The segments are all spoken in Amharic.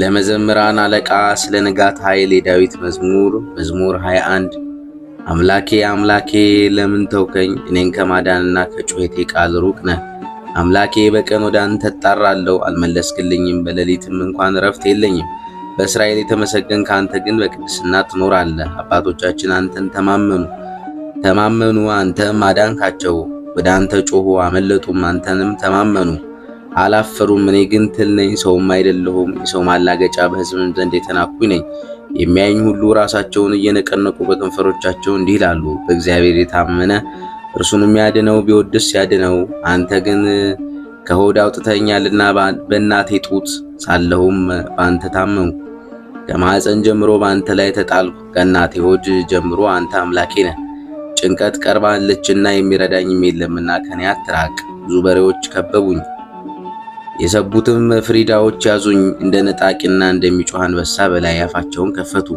ለመዘምራን አለቃ ስለ ንጋት ኃይል የዳዊት መዝሙር መዝሙር 21 አምላኬ አምላኬ ለምን ተውከኝ? እኔን ከማዳንና ከጩኸቴ ቃል ሩቅ ነህ። አምላኬ በቀን ወደ አንተ እጣራለሁ፣ አልመለስክልኝም። በሌሊትም እንኳን እረፍት የለኝም። በእስራኤል የተመሰገን ከአንተ ግን በቅድስና ትኖራለህ። አባቶቻችን አንተን ተማመኑ ተማመኑ፣ አንተም አዳንካቸው። ወደ አንተ ጮኹ አመለጡም፣ አንተንም ተማመኑ። አላፈሩም። እኔ ግን ትል ነኝ፣ ሰውም አይደለሁም። የሰው ማላገጫ፣ በሕዝብም ዘንድ የተናኩኝ ነኝ። የሚያኝ ሁሉ ራሳቸውን እየነቀነቁ በከንፈሮቻቸው እንዲህ ይላሉ፣ በእግዚአብሔር የታመነ እርሱንም ያድነው ቢወድስ ያድነው። አንተ ግን ከሆድ አውጥተኛልና በእናቴ ጡት ሳለሁም በአንተ ታመንኩ። ከማኅፀን ጀምሮ በአንተ ላይ ተጣልኩ። ከእናቴ ሆድ ጀምሮ አንተ አምላኬ ነህ። ጭንቀት ቀርባለችና የሚረዳኝም የለምና ከኔ አትራቅ። ብዙ በሬዎች ከበቡኝ የሰጉትም ፍሪዳዎች ያዙኝ፣ እንደ ንጣቂና እንደሚጮህ አንበሳ በላይ አፋቸውን ከፈቱ።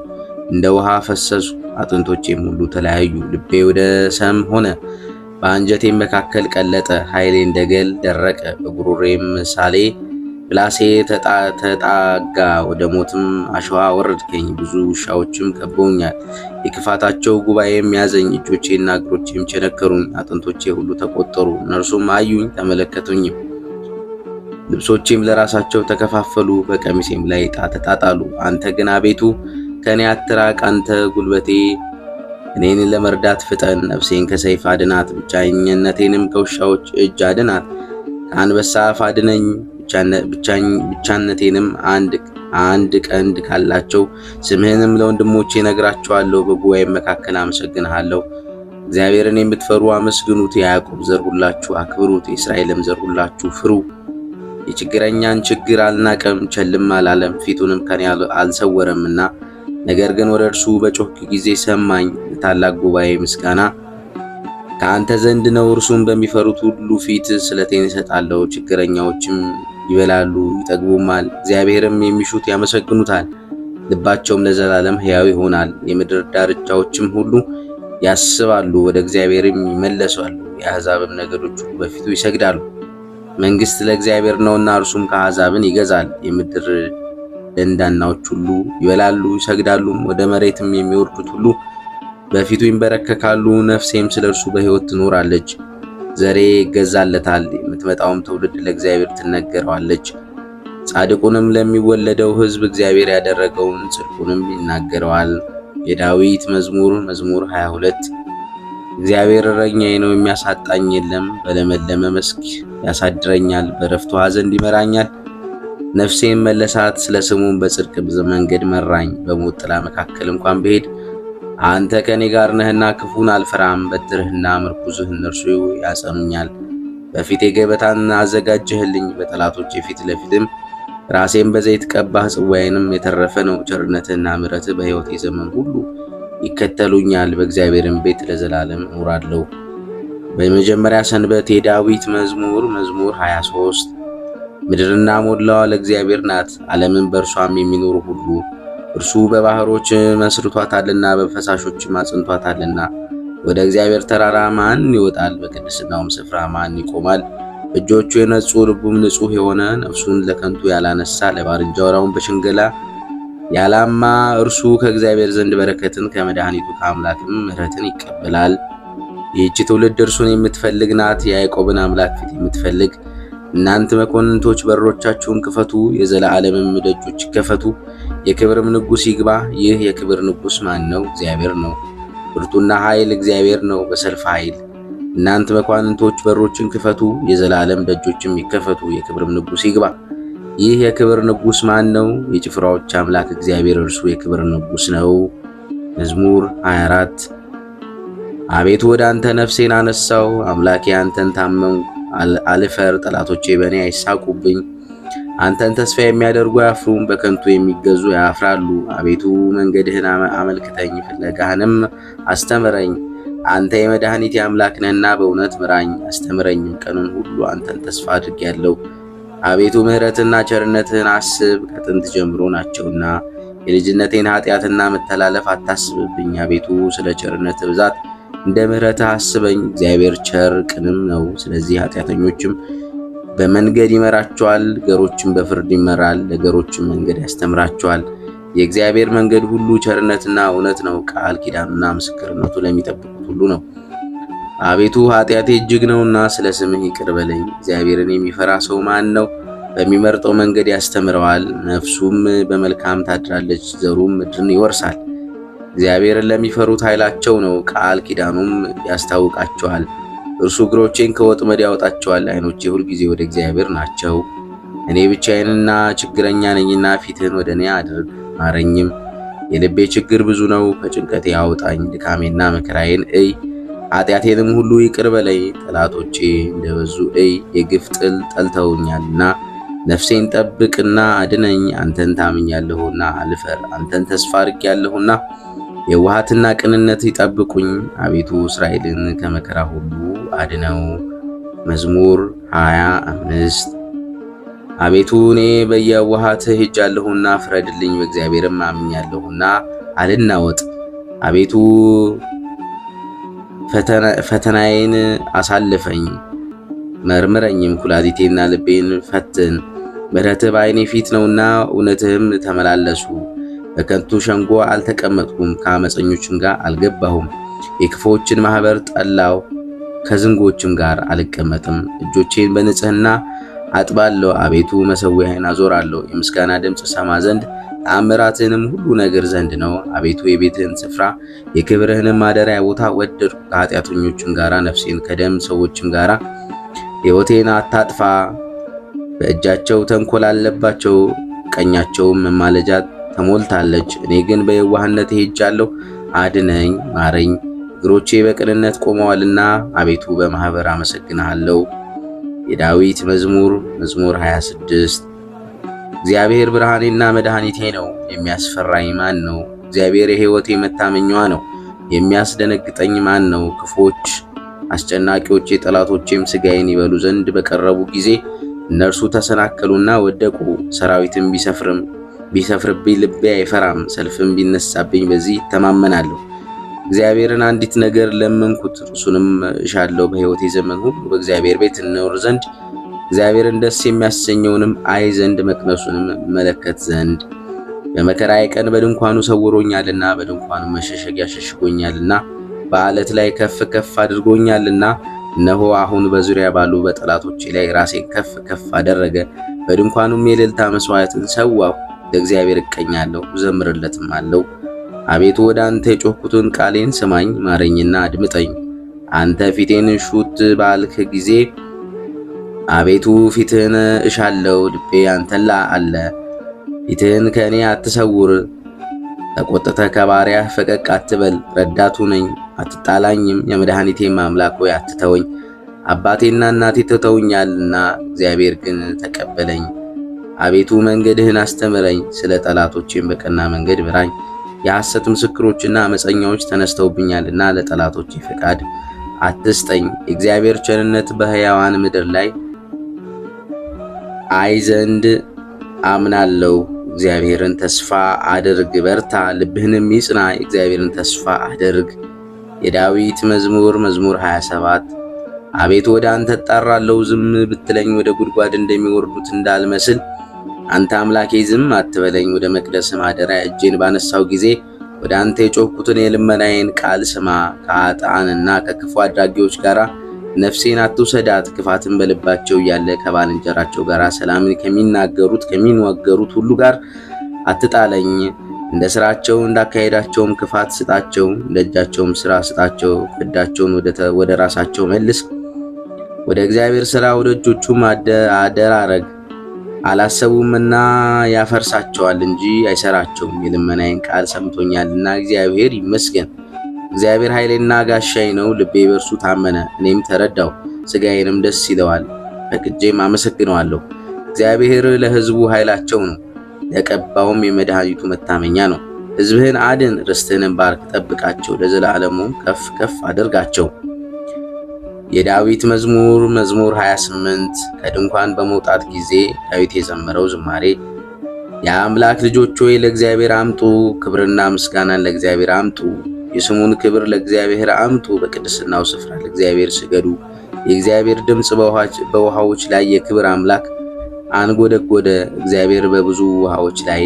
እንደ ውሃ ፈሰሱ፣ አጥንቶቼም ሁሉ ተለያዩ። ልቤ ወደ ሰም ሆነ፣ በአንጀቴም መካከል ቀለጠ። ኃይሌ እንደገል ደረቀ፣ በጉሮሬም ሳሌ ብላሴ ተጣጋ። ወደ ሞትም አሸዋ ወረድከኝ። ብዙ ውሻዎችም ከበውኛል፣ የክፋታቸው ጉባኤም ያዘኝ። እጆቼና እግሮቼም ቸነከሩኝ፣ አጥንቶቼ ሁሉ ተቆጠሩ። እነርሱም አዩኝ፣ ተመለከቱኝም ልብሶቼም ለራሳቸው ተከፋፈሉ፣ በቀሚሴም ላይ ዕጣ ተጣጣሉ። አንተ ግን አቤቱ ከእኔ አትራቅ፣ አንተ ጉልበቴ፣ እኔን ለመርዳት ፍጠን። ነፍሴን ከሰይፍ አድናት፣ ብቻኝነቴንም ከውሻዎች እጅ አድናት። ከአንበሳ አፍ አድነኝ፣ ብቻነቴንም አንድ ቀንድ ካላቸው። ስምህንም ለወንድሞቼ እነግራቸዋለሁ፣ በጉባኤ መካከል አመሰግንሃለሁ። እግዚአብሔርን የምትፈሩ አመስግኑት፣ የያዕቆብ ዘር ሁላችሁ አክብሩት፣ የእስራኤልም ዘር ሁላችሁ ፍሩ። የችግረኛን ችግር አልናቀም፣ ቸልም አላለም፣ ፊቱንም ከኔ አልሰወረምና ነገር ግን ወደ እርሱ በጮክ ጊዜ ሰማኝ። ታላቅ ጉባኤ ምስጋና ከአንተ ዘንድ ነው። እርሱን በሚፈሩት ሁሉ ፊት ስለቴን እሰጣለሁ። ችግረኛዎችም ይበላሉ ይጠግቡማል። እግዚአብሔርም የሚሹት ያመሰግኑታል። ልባቸውም ለዘላለም ሕያው ይሆናል። የምድር ዳርቻዎችም ሁሉ ያስባሉ፣ ወደ እግዚአብሔርም ይመለሳሉ። የአሕዛብም ነገዶች ሁሉ በፊቱ ይሰግዳሉ። መንግስት ለእግዚአብሔር ነውና እርሱም ከአሕዛብን ይገዛል። የምድር ደንዳናዎች ሁሉ ይበላሉ ይሰግዳሉም፣ ወደ መሬትም የሚወርዱት ሁሉ በፊቱ ይንበረከካሉ። ነፍሴም ስለ እርሱ በሕይወት ትኖራለች። ዘሬ ይገዛለታል፣ የምትመጣውም ትውልድ ለእግዚአብሔር ትነገረዋለች። ጻድቁንም ለሚወለደው ሕዝብ እግዚአብሔር ያደረገውን ጽድቁንም ይናገረዋል። የዳዊት መዝሙር መዝሙር 22 እግዚአብሔር እረኛዬ ነው፣ የሚያሳጣኝ የለም። በለመለመ መስክ ያሳድረኛል፣ በረፍቱ ውኃ ዘንድ ይመራኛል። ነፍሴን መለሳት፣ ስለ ስሙም በጽድቅ መንገድ መራኝ። በሞት ጥላ መካከል እንኳን ብሄድ አንተ ከእኔ ጋር ነህና ክፉን አልፈራም። በትርህና ምርኩዝህ እነርሱ ያጸኑኛል። በፊቴ ገበታን አዘጋጀህልኝ፣ በጠላቶች የፊት ለፊትም ራሴን በዘይት ቀባህ፣ ጽዋዬንም የተረፈ ነው። ቸርነትህና ምሕረትህ በሕይወቴ ዘመን ሁሉ ይከተሉኛል፣ በእግዚአብሔርም ቤት ለዘላለም እኖራለሁ። በመጀመሪያ ሰንበት የዳዊት መዝሙር መዝሙር 23 ምድርና ሞላዋ ለእግዚአብሔር ናት፣ ዓለምን በእርሷም የሚኖሩ ሁሉ እርሱ በባህሮች መስርቷታልና በፈሳሾች አጽንቷታልና። ወደ እግዚአብሔር ተራራ ማን ይወጣል? በቅድስናውም ስፍራ ማን ይቆማል? እጆቹ የነጹ ልቡም ንጹሕ የሆነ ነፍሱን ለከንቱ ያላነሳ ለባልንጀራውም በሽንገላ ያላማ እርሱ ከእግዚአብሔር ዘንድ በረከትን ከመድኃኒቱ ከአምላክም ምሕረትን ይቀበላል። ይህች ትውልድ እርሱን የምትፈልግ ናት፣ የያዕቆብን አምላክ ፊት የምትፈልግ እናንተ መኮንንቶች በሮቻችሁን ክፈቱ፣ የዘላለምም ደጆች ይከፈቱ፣ የክብርም ንጉሥ ይግባ። ይህ የክብር ንጉሥ ማን ነው? እግዚአብሔር ነው። ብርቱና ኃይል እግዚአብሔር ነው፣ በሰልፍ ኃይል። እናንተ መኳንንቶች በሮችን ክፈቱ፣ የዘላለም ደጆችም ይከፈቱ፣ የክብርም ንጉሥ ይግባ። ይህ የክብር ንጉሥ ማን ነው? የጭፍራዎች አምላክ እግዚአብሔር እርሱ የክብር ንጉሥ ነው። መዝሙር 24 አቤቱ ወደ አንተ ነፍሴን አነሳው። አምላኬ አንተን ታመን አልፈር። ጠላቶቼ በእኔ አይሳቁብኝ። አንተን ተስፋ የሚያደርጉ አያፍሩም፣ በከንቱ የሚገዙ ያፍራሉ። አቤቱ መንገድህን አመልክተኝ፣ ፍለጋህንም አስተምረኝ። አንተ የመድኃኒቴ አምላክ ነህና በእውነት ምራኝ አስተምረኝም። ቀኑን ሁሉ አንተን ተስፋ አድርጌያለሁ። አቤቱ ምሕረትና ቸርነትህን አስብ፣ ከጥንት ጀምሮ ናቸውና። የልጅነቴን ኃጢአትና መተላለፍ አታስብብኝ። አቤቱ ስለ ቸርነት ብዛት እንደ ምሕረትህ አስበኝ። እግዚአብሔር ቸር ቅንም ነው፣ ስለዚህ ኃጢአተኞችም በመንገድ ይመራቸዋል፣ ገሮችም በፍርድ ይመራል፣ ለገሮችም መንገድ ያስተምራቸዋል። የእግዚአብሔር መንገድ ሁሉ ቸርነትና እውነት ነው፣ ቃል ኪዳኑና ምስክርነቱ ለሚጠብቁት ሁሉ ነው። አቤቱ ኃጢአቴ እጅግ ነውና ስለ ስምህ ይቅር በለኝ። እግዚአብሔርን የሚፈራ ሰው ማን ነው? በሚመርጠው መንገድ ያስተምረዋል። ነፍሱም በመልካም ታድራለች፣ ዘሩም ምድርን ይወርሳል። እግዚአብሔርን ለሚፈሩት ኃይላቸው ነው፣ ቃል ኪዳኑም ያስታውቃቸዋል። እርሱ እግሮቼን ከወጥመድ ያወጣቸዋል። ዓይኖቼ ሁልጊዜ ወደ እግዚአብሔር ናቸው። እኔ ብቻዬንና ችግረኛ ነኝና ፊትህን ወደ እኔ አድርግ ማረኝም። የልቤ ችግር ብዙ ነው፣ ከጭንቀቴ አውጣኝ። ድካሜና መከራዬን እይ ኃጢአቴንም ሁሉ ይቅር በለይ፣ ጠላቶቼ እንደበዙ እይ፣ የግፍ ጥል ጠልተውኛልና። ነፍሴን ጠብቅና አድነኝ፣ አንተን ታምኛለሁና አልፈር፣ አንተን ተስፋ አድርጌያለሁና። የዋሃትና ቅንነት ይጠብቁኝ፣ አቤቱ እስራኤልን ከመከራ ሁሉ አድነው። መዝሙር 25 አቤቱ እኔ በየዋሃት ሄጃለሁና ፍረድልኝ፣ በእግዚአብሔርም አምኛለሁና አልናወጥ። አቤቱ ፈተናዬን አሳልፈኝ መርምረኝም፣ ኩላሊቴና ልቤን ፈትን። ምሕረትህ በዓይኔ ፊት ነውና እውነትህም ተመላለሱ። በከንቱ ሸንጎ አልተቀመጥኩም፣ ከአመፀኞችም ጋር አልገባሁም። የክፎችን ማኅበር ጠላው፣ ከዝንጎችም ጋር አልቀመጥም። እጆቼን በንጽህና አጥባለሁ፣ አቤቱ መሠዊያህን አዞራለሁ። የምስጋና ድምፅ ሰማ ዘንድ ተአምራትህንም ሁሉ ነገር ዘንድ ነው። አቤቱ የቤትህን ስፍራ የክብርህንም ማደሪያ ቦታ ወደድኩ። ከኃጢአተኞችም ጋራ ነፍሴን ከደም ሰዎችም ጋራ ሕይወቴን አታጥፋ። በእጃቸው ተንኮል አለባቸው፣ ቀኛቸውም መማለጃ ተሞልታለች። እኔ ግን በየዋህነት ሄጃለሁ። አድነኝ፣ ማረኝ። እግሮቼ በቅንነት ቆመዋልና አቤቱ በማኅበር አመሰግንሃለሁ። የዳዊት መዝሙር መዝሙር 26 እግዚአብሔር ብርሃኔና መድኃኒቴ ነው፣ የሚያስፈራኝ ማን ነው? እግዚአብሔር የሕይወቴ መታመኛዋ ነው፣ የሚያስደነግጠኝ ማን ነው? ክፎች አስጨናቂዎቼ ጠላቶቼም ሥጋዬን ይበሉ ዘንድ በቀረቡ ጊዜ እነርሱ ተሰናከሉና ወደቁ። ሰራዊትም ቢሰፍርም ቢሰፍርብኝ ልቤ አይፈራም፣ ሰልፍም ቢነሳብኝ በዚህ ይተማመናለሁ። እግዚአብሔርን አንዲት ነገር ለመንኩት፣ እርሱንም እሻለሁ፣ በሕይወቴ ዘመን ሁሉ በእግዚአብሔር ቤት እኖር ዘንድ እግዚአብሔርን ደስ የሚያሰኘውንም አይ ዘንድ መቅደሱንም መለከት ዘንድ በመከራዬ ቀን በድንኳኑ ሰውሮኛልና በድንኳኑ መሸሸጊያ ሸሽጎኛልና በዓለት ላይ ከፍ ከፍ አድርጎኛልና እነሆ አሁን በዙሪያ ባሉ በጠላቶቼ ላይ ራሴን ከፍ ከፍ አደረገ። በድንኳኑም የሌልታ መስዋዕትን ሰዋሁ። ለእግዚአብሔር እቀኛለሁ ዘምርለትም አለው። አቤቱ ወደ አንተ የጮኩትን ቃሌን ስማኝ፣ ማረኝና አድምጠኝ። አንተ ፊቴን ሹት ባልክ ጊዜ አቤቱ ፊትህን እሻለው፣ ልቤ አንተላ አለ። ፊትህን ከእኔ አትሰውር፣ ተቆጥተ ከባሪያህ ፈቀቅ አትበል። ረዳቱ ነኝ፣ አትጣላኝም። የመድኃኒቴም አምላክ ሆይ አትተወኝ። አባቴና እናቴ ትተውኛልና፣ እግዚአብሔር ግን ተቀበለኝ። አቤቱ መንገድህን አስተምረኝ፣ ስለ ጠላቶቼም በቀና መንገድ ምራኝ። የሐሰት ምስክሮችና አመፀኛዎች ተነስተውብኛልና ለጠላቶቼ ፈቃድ አትስጠኝ። የእግዚአብሔር ቸርነት በሕያዋን ምድር ላይ አይ ዘንድ አምናለሁ። እግዚአብሔርን ተስፋ አድርግ፣ በርታ፣ ልብህንም ይጽና። እግዚአብሔርን ተስፋ አድርግ። የዳዊት መዝሙር መዝሙር 27 አቤቱ ወደ አንተ እጣራለሁ፣ ዝም ብትለኝ ወደ ጉድጓድ እንደሚወርዱት እንዳልመስል። አንተ አምላኬ ዝም አትበለኝ፣ ወደ መቅደስ ማደሪያ እጄን ባነሳው ጊዜ ወደ አንተ የጮኩትን የልመናዬን ቃል ስማ። ከአጣንና ከክፉ አድራጊዎች ጋር ነፍሴን አትውሰዳት፣ ክፋትን በልባቸው እያለ ከባልንጀራቸው ጋር ሰላምን ከሚናገሩት ከሚናገሩት ሁሉ ጋር አትጣለኝ። እንደ ስራቸው እንዳካሄዳቸውም ክፋት ስጣቸው፣ እንደ እጃቸውም ስራ ስጣቸው። ፍዳቸውን ወደ ራሳቸው መልስ፣ ወደ እግዚአብሔር ስራ ወደ እጆቹም አደራረግ። አላሰቡምና ያፈርሳቸዋል እንጂ አይሰራቸውም። የልመናዬን ቃል ሰምቶኛልና እግዚአብሔር ይመስገን። እግዚአብሔር ኃይሌና ጋሻዬ ነው፣ ልቤ በእርሱ ታመነ። እኔም ተረዳው፣ ሥጋዬንም ደስ ይለዋል፣ በቅጄም አመሰግነዋለሁ። እግዚአብሔር ለሕዝቡ ኃይላቸው ነው፣ ለቀባውም የመድኃኒቱ መታመኛ ነው። ሕዝብህን አድን፣ ርስትህንም ባርክ፣ ጠብቃቸው፣ ለዘላለሙ ከፍ ከፍ አድርጋቸው። የዳዊት መዝሙር መዝሙር 28 ከድንኳን በመውጣት ጊዜ ዳዊት የዘመረው ዝማሬ የአምላክ ልጆች ሆይ ለእግዚአብሔር አምጡ፣ ክብርና ምስጋናን ለእግዚአብሔር አምጡ። የስሙን ክብር ለእግዚአብሔር አምጡ፣ በቅድስናው ስፍራ ለእግዚአብሔር ስገዱ። የእግዚአብሔር ድምፅ በውሃዎች ላይ የክብር አምላክ አንጎደጎደ። እግዚአብሔር በብዙ ውሃዎች ላይ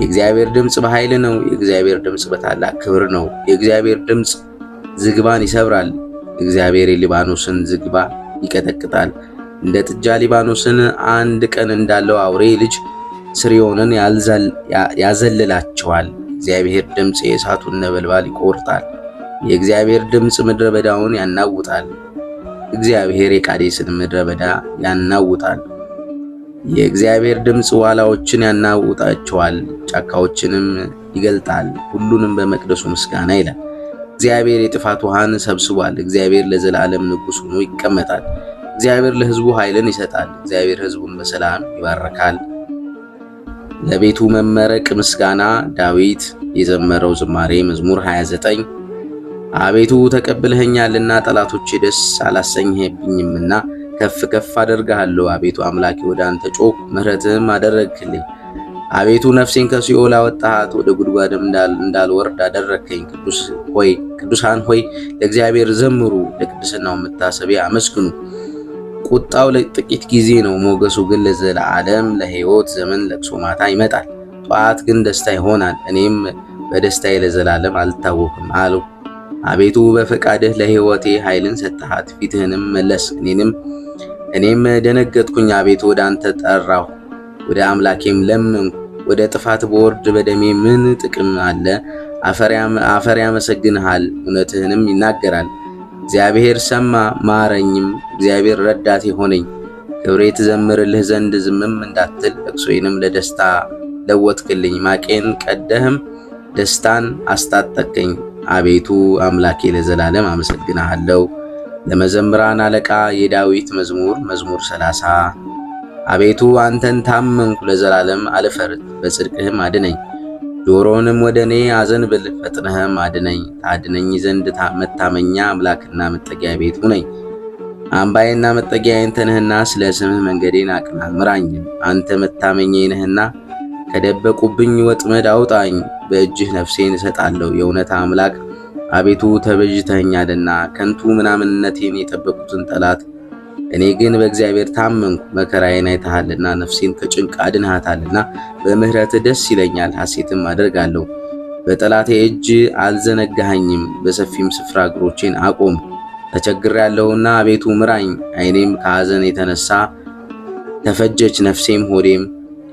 የእግዚአብሔር ድምፅ በኃይል ነው። የእግዚአብሔር ድምፅ በታላቅ ክብር ነው። የእግዚአብሔር ድምፅ ዝግባን ይሰብራል። እግዚአብሔር የሊባኖስን ዝግባ ይቀጠቅጣል። እንደ ጥጃ ሊባኖስን አንድ ቀን እንዳለው አውሬ ልጅ ስርዮንን ያዘልላቸዋል። የእግዚአብሔር ድምፅ የእሳቱን ነበልባል ይቆርጣል። የእግዚአብሔር ድምፅ ምድረ በዳውን ያናውጣል። እግዚአብሔር የቃዴስን ምድረ በዳ ያናውጣል። የእግዚአብሔር ድምፅ ዋላዎችን ያናውጣቸዋል፣ ጫካዎችንም ይገልጣል። ሁሉንም በመቅደሱ ምስጋና ይላል። እግዚአብሔር የጥፋት ውሃን ሰብስቧል። እግዚአብሔር ለዘላለም ንጉሥ ሆኖ ይቀመጣል። እግዚአብሔር ለሕዝቡ ኃይልን ይሰጣል። እግዚአብሔር ሕዝቡን በሰላም ይባርካል። ለቤቱ መመረቅ ምስጋና ዳዊት የዘመረው ዝማሬ መዝሙር 29 አቤቱ ተቀብለኸኛልና ጠላቶቼ ደስ አላሰኘህብኝምና ከፍ ከፍ አደርግሃለሁ። አቤቱ አምላኬ ወደ አንተ ጮክ፣ ምሕረትህም አደረግክልኝ። አቤቱ ነፍሴን ከሲኦል አወጣሃት፣ ወደ ጉድጓድም እንዳልወርድ አደረግከኝ። ቅዱስ ሆይ ቅዱሳን ሆይ ለእግዚአብሔር ዘምሩ፣ ለቅድስናው መታሰቢያ አመስግኑ። ቁጣው ለጥቂት ጊዜ ነው፣ ሞገሱ ግን ለዘላለም ለሕይወት ዘመን ለቅሶ ማታ ይመጣል፣ ጠዋት ግን ደስታ ይሆናል። እኔም በደስታዬ ለዘላለም አልታወክም አሉ። አቤቱ በፈቃድህ ለሕይወቴ ኃይልን ሰጠሃት፣ ፊትህንም መለስ። እኔንም እኔም ደነገጥኩኝ፣ አቤቱ ወደ አንተ ጠራሁ፣ ወደ አምላኬም ለመንኩ። ወደ ጥፋት በወርድ በደሜ ምን ጥቅም አለ? አፈር ያመሰግንሃል፣ እውነትህንም ይናገራል። እግዚአብሔር ሰማ ማረኝም፣ እግዚአብሔር ረዳት ይሆነኝ ክብሬ ትዘምርልህ ዘንድ ዝምም እንዳትል፣ ልቅሶዬንም ለደስታ ለወጥክልኝ። ማቄን ቀደህም ደስታን አስታጠቀኝ። አቤቱ አምላኬ ለዘላለም አመሰግናሃለሁ። ለመዘምራን አለቃ የዳዊት መዝሙር መዝሙር 30 አቤቱ አንተን ታመንኩ፣ ለዘላለም አልፈርድ፣ በጽድቅህም አድነኝ። ጆሮንም ወደ እኔ አዘንብል፣ ፈጥነህም አድነኝ። ታድነኝ ዘንድ መታመኛ አምላክና መጠጊያ ቤት ሁነኝ። አምባዬና መጠጊያ አንተ ነህና ስለ ስምህ መንገዴን አቅና ምራኝ። አንተ መታመኛ ነህና ከደበቁብኝ ወጥመድ አውጣኝ። በእጅህ ነፍሴን እሰጣለሁ። የእውነት አምላክ አቤቱ ተበጅተኛልና ከንቱ ምናምንነቴን የጠበቁትን ጠላት እኔ ግን በእግዚአብሔር ታመንኩ፣ መከራዬን አይተሃልና፣ ነፍሴን ከጭንቅ አድንሃታልና፣ በምሕረት ደስ ይለኛል፣ ሐሴትም አደርጋለሁ። በጠላቴ እጅ አልዘነጋኸኝም፣ በሰፊም ስፍራ እግሮቼን አቆም። ያለውና አቤቱ ምራኝ፣ ዓይኔም ከሐዘን የተነሳ ተፈጀች፣ ነፍሴም ሆዴም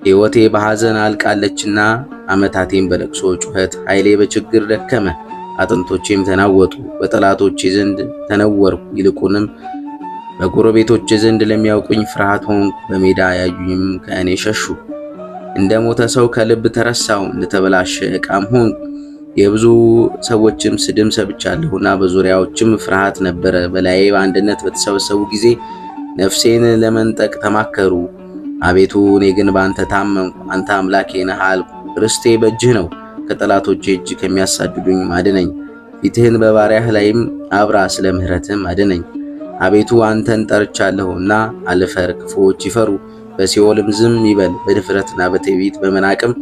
ሕይወቴ በሐዘን አልቃለችና፣ ዓመታቴም በለቅሶ ጩኸት ኃይሌ በችግር ደከመ። አጥንቶቼም ተናወጡ፣ በጠላቶቼ ዘንድ ተነወርኩ፣ ይልቁንም በጎረቤቶች ዘንድ ለሚያውቁኝ ፍርሃት ሆንኩ። በሜዳ ያዩኝም ከእኔ ሸሹ። እንደ ሞተ ሰው ከልብ ተረሳው፣ እንደተበላሸ ዕቃም ሆንኩ። የብዙ ሰዎችም ስድም ሰብቻለሁና በዙሪያዎችም ፍርሃት ነበረ። በላዬ በአንድነት በተሰበሰቡ ጊዜ ነፍሴን ለመንጠቅ ተማከሩ። አቤቱ እኔ ግን በአንተ ታመንኩ። አንተ አምላኬ ነህ አልኩ። ርስቴ በእጅህ ነው። ከጠላቶች እጅ ከሚያሳድዱኝ አድነኝ። ፊትህን በባሪያህ ላይም አብራ፣ ስለ ምህረትም አድነኝ። አቤቱ አንተን ጠርቻለሁና አልፈር፣ ክፉዎች ይፈሩ፣ በሲኦልም ዝም ይበል። በድፍረትና በትዕቢት በመናቅም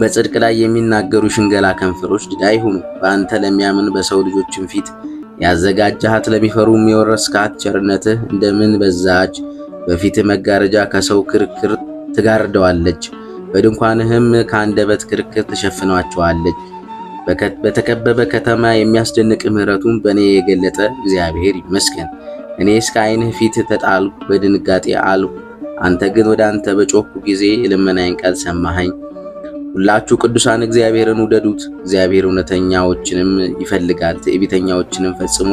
በጽድቅ ላይ የሚናገሩ ሽንገላ ከንፈሮች ድዳ ይሁኑ። በአንተ ለሚያምን በሰው ልጆችም ፊት ያዘጋጃሃት ለሚፈሩም የወረስካት ቸርነትህ እንደምን በዛች! በፊትህ መጋረጃ ከሰው ክርክር ትጋርደዋለች፣ በድንኳንህም ከአንደበት ክርክር ትሸፍኗቸዋለች። በተከበበ ከተማ የሚያስደንቅ ምሕረቱን በእኔ የገለጠ እግዚአብሔር ይመስገን። እኔ እስከ ዓይንህ ፊት ተጣልኩ፣ በድንጋጤ አልሁ። አንተ ግን ወደ አንተ በጮኩ ጊዜ የልመናዬን ቃል ሰማኸኝ። ሁላችሁ ቅዱሳን እግዚአብሔርን ውደዱት። እግዚአብሔር እውነተኛዎችንም ይፈልጋል፣ ትዕቢተኛዎችንም ፈጽሞ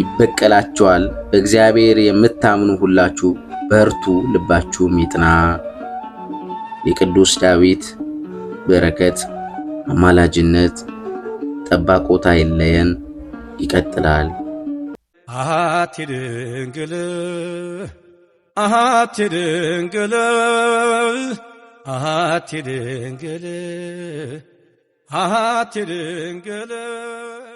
ይበቀላቸዋል። በእግዚአብሔር የምታምኑ ሁላችሁ በርቱ፣ ልባችሁም ይጥና። የቅዱስ ዳዊት በረከት አማላጅነት ጠባቆታ ይለየን። ይቀጥላል። አሃቴ ድንግል አሃቴ ድንግል አሃቴ ድንግል አሃቴ ድንግል